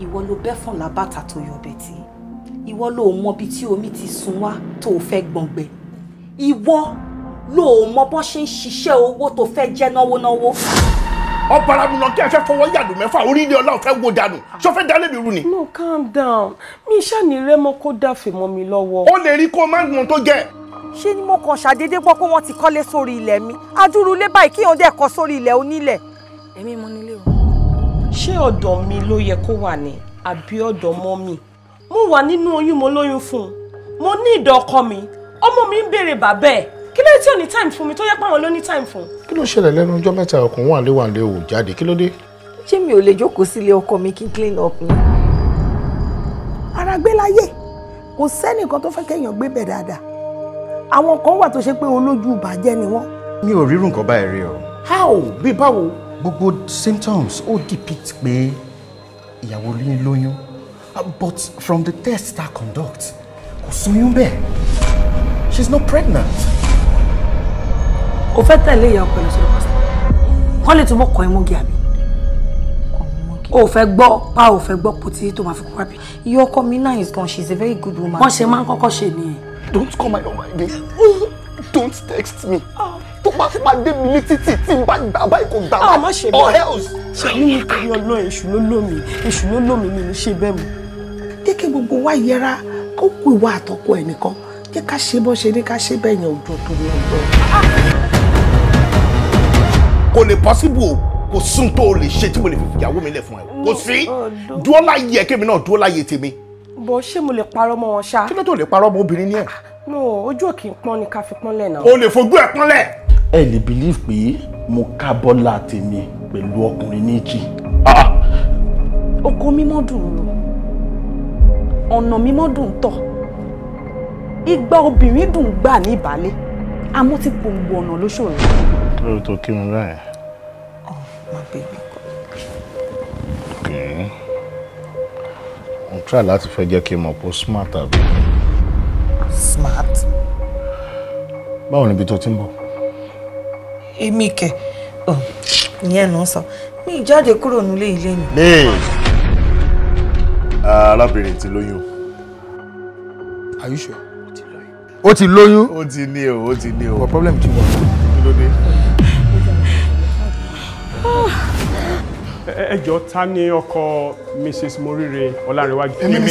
ìwọ ló bẹ́fọ̀n làbàtà tó yọbẹ̀ tí ìwọ ló mọ bí tí omi ti sun wá tó fẹ́ gbọ̀ngbẹ ìwọ ló mọ bó ṣe ń ṣiṣẹ́ owó tó fẹ́ jẹ́ náwó náwó. ọ̀pọ̀lọpọ̀ kí ẹ fẹ́ fọwọ́ yàdù mẹ́fà orílẹ̀ ọlá ò fẹ́ wo dànù ṣó fẹ́ dálé mi rú ni. no calm down mi ni rẹmọ kó dàfẹ́ mọ́ mi lọ́wọ́. ó lè rí kó má gbọ́n tó jẹ́ ṣé ni mo kàn ṣàdédé gbọ́ pé wọ́n ti kọ́lé sórí ilẹ̀ mi adúrú ilé báyìí kí òun dẹ̀ kọ́ sórí ilẹ̀ mo nílé o ṣé ọ̀dọ̀ mi ló yẹ kó wà ní àbí ọ̀dọ̀ mọ́ mi mo wà nínú oyún mo lóyún fún un mo ní ìdọ̀ ọkọ mi ọmọ mi ń béèrè bàbá ẹ̀ kí ló tí ò ní time fún mi tó yẹ pé àwọn ló ní time fún. kí ló ṣẹlẹ̀ lẹ́nu ọjọ́ mẹ́ta ọkùnrin wà léwà lé ò jáde kí ló dé. ṣé mi ò lè jókòó sílé ọkọ mi kí n clean up ni. ara gbé láyé kò sẹ́nìkan tó fẹ́ kéèyàn gbé bẹ̀ dáadáa àwọn kan wà tó ṣe pé olójú ìbàjẹ́ ni wọ́n. mi ò rírun nǹkan báyìí rí o. how bí báwo gbogbo symptoms ó depict pé ìyàwó yín lóyún ah, but from the test I conduct kò sóyún bẹ́ẹ̀ she's not pregnant. o fẹ́ tẹ̀lé ìyá ọkọ ìlọsọ̀rọ̀ pásítọ̀ wọ́n lè tún mọ́ kọ́ ẹ mọ́gì àbí o fẹ́ gbọ́ pa o fẹ́ gbọ́ po títí tó fi kú rábì iye ọkọ mi náà is gone she is a very good woman. wọ́n ṣe máa ń kọ́kọ́ ṣe nìyẹn. don't call my number again don't text me tó bá máa dé mi ní títì tí gbà báyìí kò gbà báyìí or else. ṣàánú mi kò ní ọlọ́ èṣù ló lómi èṣù ló lómi mi ní ṣe bẹ́ẹ̀ mu. kéèké gbogbo wa yẹra kó kú ìwà àtọkọ ẹ nìkan jẹ́ ká ṣe bó ṣe ní ká ṣe bẹ́ẹ̀ yẹn òjò tó ní ọjọ́. kò lè possible o kò sún tó o lè ṣe tí mo lè fi ìyàwó mi lẹ̀ fún ẹ kò sí oh, dúró láyé ẹ kémi náà dúró láyé tèmi. bọ̀ ṣé mo lè parọ́ mọ́ wọn ṣá. kí ló tó lè parọ́ mọ́ obìnrin ní ẹ̀. no ojú òkè ń pọ́n ni ká fi pọ́n lẹ̀ náà. o lè fojú ẹ̀ pọ́n lẹ̀. ẹ lè believe pé mo ká bọ́lá tèmi pẹ̀lú ọkùnrin níjì. oko ah, ah. mímọ́ dùn rò ọ̀nà mímọ́ dùn tọ̀ igba obìnrin dùn gbà ní ìbálẹ̀ àmọ́ ti pòǹgbò ọ̀nà lóṣòro. lórí tó kí mi báyìí. oh my baby god. mo try láti fẹ́ jẹ́ kí n mọ̀ pé smart àbí. smart. báwo ni ibi tó ti ń bọ̀ èmi kẹ̀ ìyẹn ló ń sọ mi ìjáde kúrò nílé ilé mi. mi ah, arábìnrin ti lóyún. are you sure? ó ti lóyún. ó ti ní o ó ti ní o. what problem ti wà. kí ló dé. ẹ jọ̀ọ́ ta ni ọkọ Mrs. Morire Ọlárẹ̀wájú. èmi mi